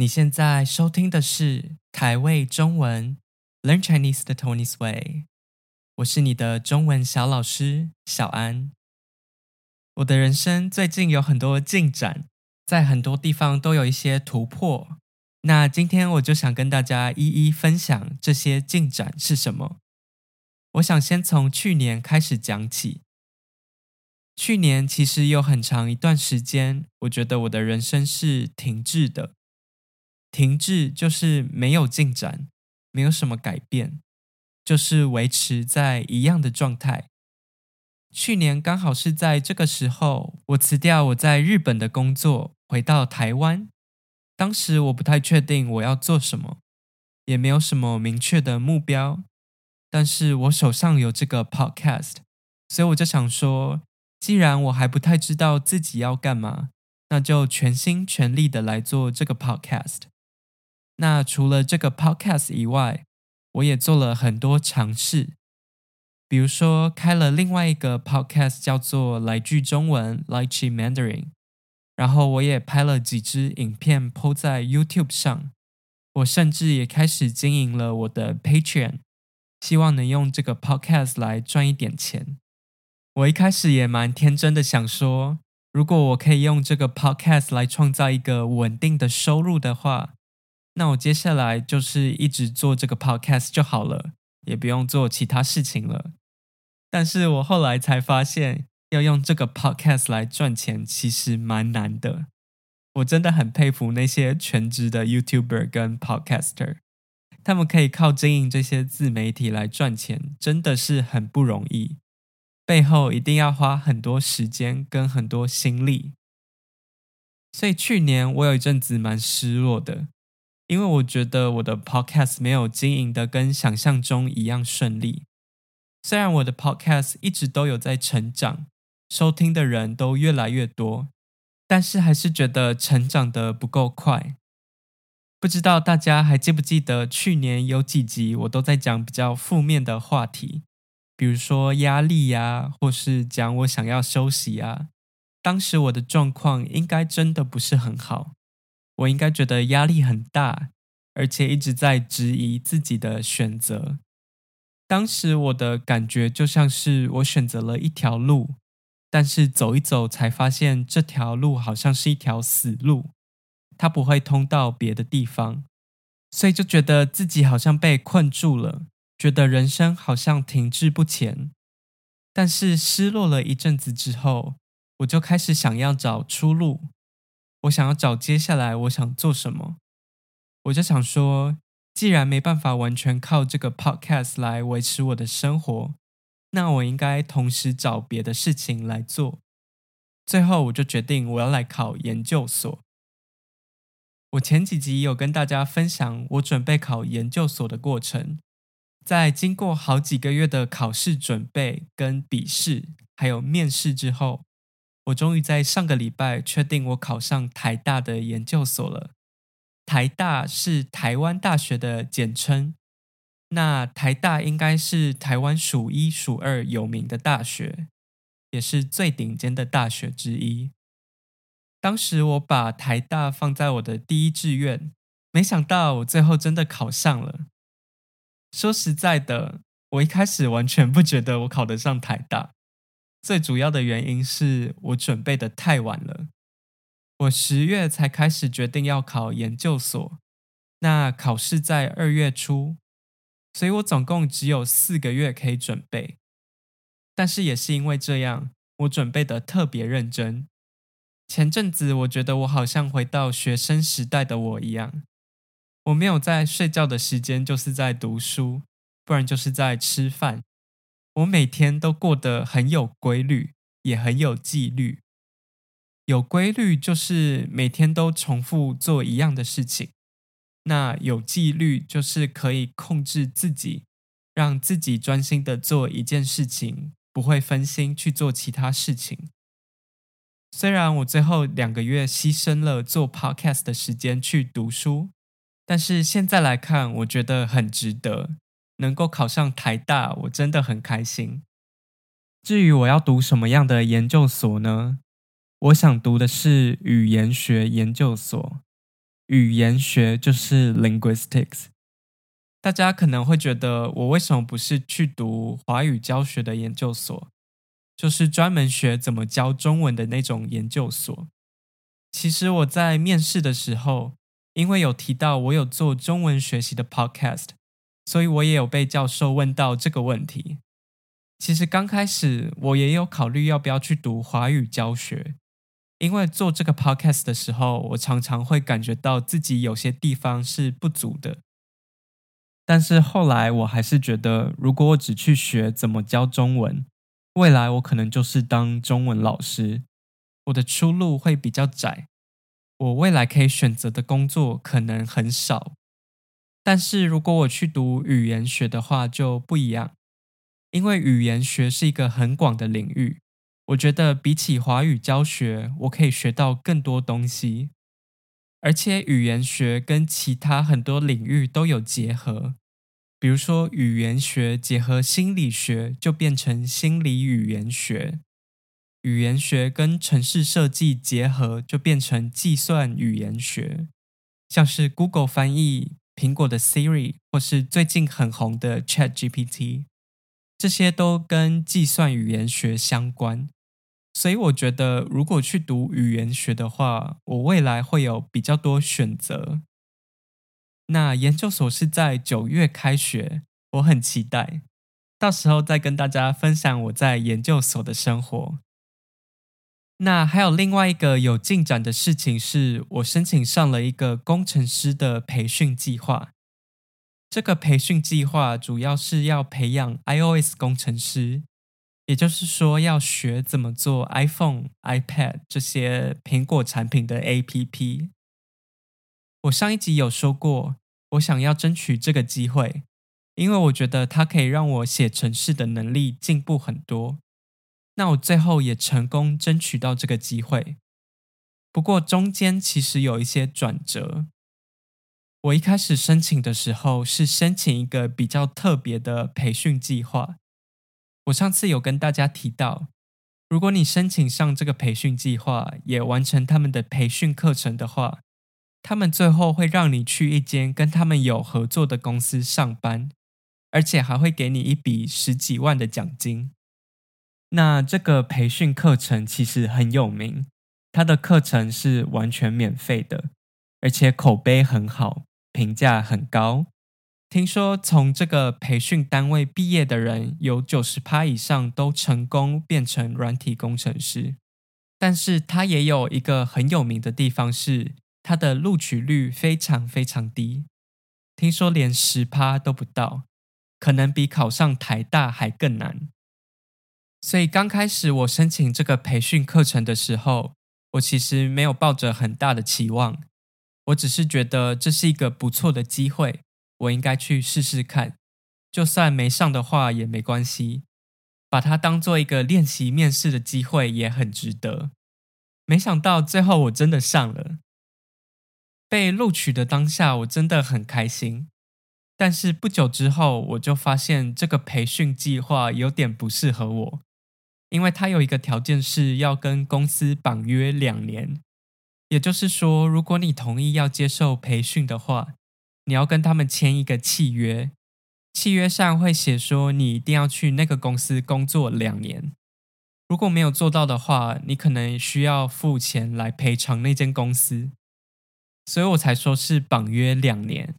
你現在收聽的是台味中文 Learn Chinese the Taiwanese Way，我是你的中文小老師小安。我的人生最近有很多進展，在很多地方都有一些突破。那今天我就想跟大家一一分享這些進展是什麼。我想先從去年開始講起。去年其實有很長一段時間，我覺得我的人生是停滯的。停滯就是沒有進展，沒有什麼改變，就是維持在一樣的狀態。去年剛好是在這個時候，我辭掉我在日本的工作，回到台灣。當時我不太確定我要做什麼，也沒有什麼明確的目標，但是我手上有這個 podcast，所以我就想說，既然我還不太知道自己要幹嘛，那就全心全力的來做這個 podcast。那除了這個 podcast 以外，我也做了很多嘗試，比如說開了另外一個 podcast 叫做“來句中文 ”（Lychee Mandarin），然後我也拍了幾支影片 po 在 YouTube 上，我甚至也開始經營了我的 Patreon，希望能用這個 podcast 來賺一點錢。我一開始也蠻天真的想說，如果我可以用這個 podcast 來創造一個穩定的收入的話。那我接下來就是一直做這個 podcast 就好了，也不用做其他事情了。但是我後來才發現，要用這個 podcast 來賺錢其實蠻難的。我真的很佩服那些全職的 YouTuber 跟 podcaster，他們可以靠經營這些自媒體來賺錢，真的是很不容易。背後一定要花很多時間跟很多心力。所以去年我有一陣子蠻失落的。因為我覺得我的 podcast 沒有經營的跟想象中一樣順利，雖然我的 podcast 一直都有在成長，收聽的人都越來越多，但是還是覺得成長得不夠快。不知道大家還記不記得去年有幾集我都在講比較負面的話題，比如說壓力呀、啊，或是講我想要休息啊。當時我的狀況應該真的不是很好。我應該覺得壓力很大，而且一直在質疑自己的選擇。當時我的感覺就像是我選擇了一條路，但是走一走才發現這條路好像是一條死路，它不會通到別的地方，所以就覺得自己好像被困住了，覺得人生好像停滯不前。但是失落了一陣子之後，我就開始想要找出路。我想要找接下來我想做什麼，我就想說，既然沒辦法完全靠這個 podcast 來維持我的生活，那我應該同時找別的事情來做。最後，我就決定我要來考研究所。我前幾集有跟大家分享我準備考研究所的過程，在經過好幾個月的考試準備跟筆試，還有面試之後，我終於在上個禮拜確定我考上台大的研究所了。台大是台灣大學的簡稱，那台大應該是台灣數一數二有名的大學，也是最頂尖的大學之一。當時我把台大放在我的第一志願，沒想到我最後真的考上了。說實在的，我一開始完全不覺得我考得上台大。最主要的原因是我準備的太晚了，我十月才開始決定要考研究所，那考試在二月初，所以我總共只有四個月可以準備。但是也是因為這樣，我準備的特別認真。前陣子我覺得我好像回到學生時代的我一樣，我沒有在睡覺的時間就是在讀書，不然就是在吃飯。我每天都過得很有規律，也很有紀律。有規律就是每天都重複做一樣的事情，那有紀律就是可以控制自己，讓自己專心的做一件事情，不會分心去做其他事情。雖然我最後兩個月犧牲了做 podcast 的時間去讀書，但是現在來看，我覺得很值得。能夠考上台大，我真的很開心。至於我要讀什麼樣的研究所呢？我想讀的是語言學研究所。語言學就是 linguistics。大家可能會覺得我為什麼不是去讀華語教學的研究所，就是專門學怎麼教中文的那種研究所。其實我在面試的時候，因為有提到我有做中文學習的 podcast。所以我也有被教授問到這個問題。其實剛開始我也有考慮要不要去讀華語教學，因為做這個 podcast 的時候，我常常會感覺到自己有些地方是不足的。但是後來我還是覺得，如果我只去學怎麼教中文，未來我可能就是當中文老師，我的出路會比較窄，我未來可以選擇的工作可能很少。但是如果我去讀語言學的話，就不一樣，因為語言學是一個很廣的領域。我覺得比起華語教學，我可以學到更多東西，而且語言學跟其他很多領域都有結合。比如說，語言學結合心理學，就變成心理語言學；語言學跟程式設計結合，就變成計算語言學，像是 Google 翻譯。蘋果的 Siri 或是最近很紅的 ChatGPT，這些都跟計算語言學相關，所以我覺得如果去讀語言學的話，我未來會有比較多選擇。那研究所是在九月開學，我很期待，到時候再跟大家分享我在研究所的生活。那還有另外一個有進展的事情是，我申請上了一個工程師的培訓計劃。這個培訓計劃主要是要培養 iOS 工程師，也就是說要學怎麼做 iPhone、iPad 這些蘋果產品的 APP。我上一集有說過，我想要爭取這個機會，因為我覺得它可以讓我寫程式的能力進步很多。那我最後也成功爭取到這個機會，不過中間其實有一些轉折。我一開始申請的時候是申請一個比較特別的培訓計劃。我上次有跟大家提到，如果你申請上這個培訓計劃，也完成他們的培訓課程的話，他們最後會讓你去一間跟他們有合作的公司上班，而且還會給你一筆十幾萬的獎金。那這個培訓課程其實很有名，它的課程是完全免費的，而且口碑很好，評價很高。聽說從這個培訓單位畢業的人有90，有九十趴以上都成功變成軟體工程師。但是它也有一個很有名的地方是，它的錄取率非常非常低，聽說連十趴都不到，可能比考上台大還更難。所以剛開始我申請這個培訓課程的時候，我其實沒有抱着很大的期望，我只是覺得這是一個不錯的機會，我應該去試試看，就算沒上的話也沒關係，把它當做一個練習面試的機會也很值得。沒想到最後我真的上了，被錄取的當下我真的很開心，但是不久之後我就發現這個培訓計劃有點不適合我。因為他有一個條件是要跟公司綁約兩年，也就是說，如果你同意要接受培訓的話，你要跟他們簽一個契約，契約上會寫說你一定要去那個公司工作兩年。如果沒有做到的話，你可能需要付錢來賠償那間公司。所以我才說是綁約兩年，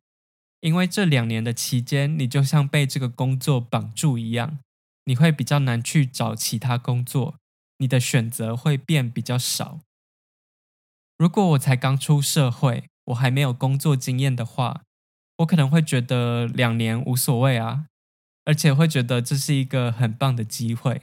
因為這兩年的期間，你就像被這個工作綁住一樣。你會比較難去找其他工作，你的選擇會變比較少。如果我才剛出社會，我還沒有工作經驗的話，我可能會覺得兩年無所謂啊，而且會覺得這是一個很棒的機會。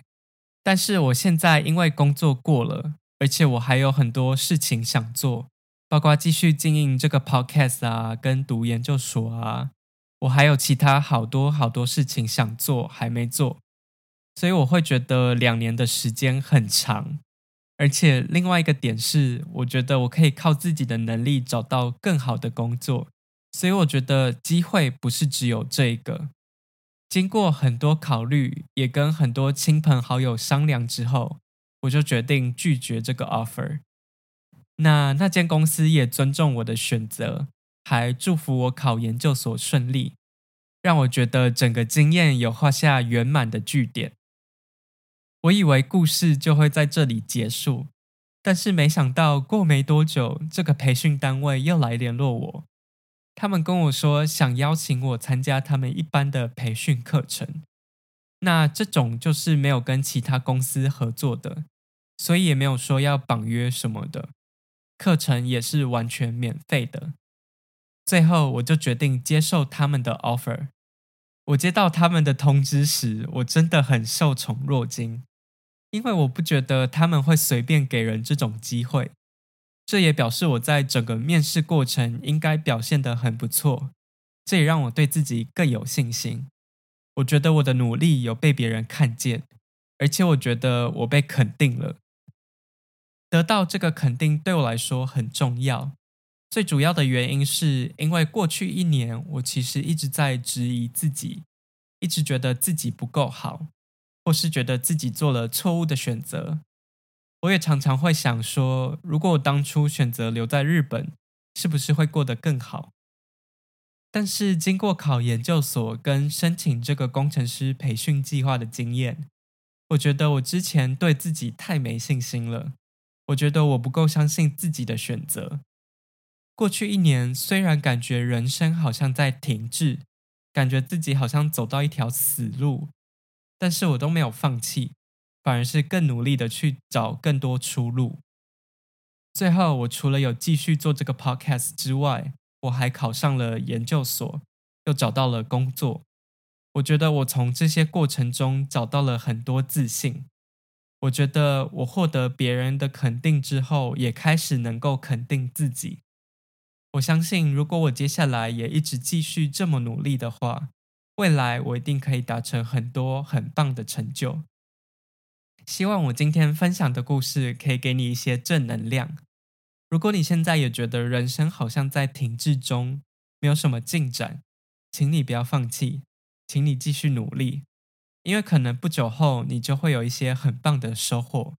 但是我現在因為工作過了，而且我還有很多事情想做，包括繼續經營這個 podcast 啊，跟讀研究所啊，我還有其他好多好多事情想做，還沒做。所以我會覺得兩年的時間很長，而且另外一個點是，我覺得我可以靠自己的能力找到更好的工作，所以我覺得機會不是只有這個。經過很多考慮，也跟很多親朋好友商量之後，我就決定拒絕這個 offer。那那間公司也尊重我的選擇，還祝福我考研究所順利，讓我覺得整個經驗有畫下圓滿的句點。我以為故事就會在這裡結束，但是沒想到過沒多久，這個培訓單位又來聯絡我。他們跟我說想邀請我參加他們一般的培訓課程。那這種就是沒有跟其他公司合作的，所以也沒有說要綁約什麼的。課程也是完全免費的。最後我就決定接受他們的 offer。我接到他們的通知時，我真的很受寵若驚。因為我不覺得他們會隨便給人這種機會，這也表示我在整個面試過程應該表現得很不錯，這也讓我對自己更有信心。我覺得我的努力有被別人看見，而且我覺得我被肯定了。得到這個肯定對我來說很重要，最主要的原因是因為過去一年我其實一直在質疑自己，一直覺得自己不夠好。或是覺得自己做了錯誤的選擇，我也常常會想說：如果我當初選擇留在日本，是不是會過得更好？但是經過考研究所跟申請這個工程師培訓計劃的經驗，我覺得我之前對自己太沒信心了。我覺得我不夠相信自己的選擇。過去一年雖然感覺人生好像在停滯，感覺自己好像走到一條死路。但是我都沒有放棄，反而是更努力的去找更多出路。最後，我除了有繼續做這個 podcast 之外，我還考上了研究所，又找到了工作。我覺得我從這些過程中找到了很多自信。我覺得我獲得別人的肯定之後，也開始能夠肯定自己。我相信，如果我接下來也一直繼續這麼努力的話，未來我一定可以達成很多很棒的成就。希望我今天分享的故事可以給你一些正能量。如果你現在也覺得人生好像在停滯中，沒有什麼進展，請你不要放棄，請你繼續努力，因為可能不久後你就會有一些很棒的收穫。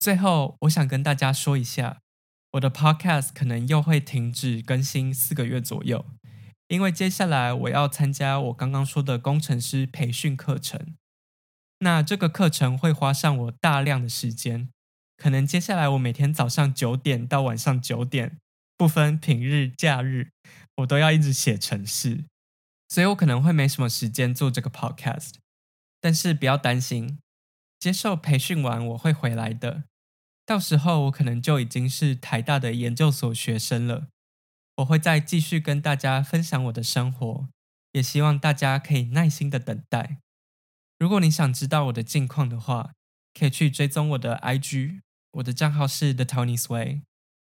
最後，我想跟大家說一下，我的 Podcast 可能又會停止更新四個月左右。因為接下來我要參加我剛剛說的工程師培訓課程，那這個課程會花上我大量的時間，可能接下來我每天早上九點到晚上九點，不分平日假日，我都要一直寫程式，所以我可能會沒什麼時間做這個 podcast。但是不要擔心，接受培訓完我會回來的，到時候我可能就已經是台大的研究所學生了。我會再繼續跟大家分享我的生活，也希望大家可以耐心的等待。如果你想知道我的近況的話，可以去追蹤我的 IG，我的賬號是 thetaiwaneseway。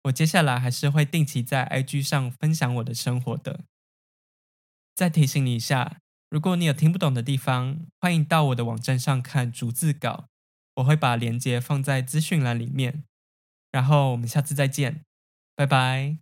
我接下來還是會定期在 IG 上分享我的生活的。再提醒你一下，如果你有聽不懂的地方，歡迎到我的網站上看逐字稿，我會把鏈接放在資訊欄裡面。然後我們下次再見，拜拜。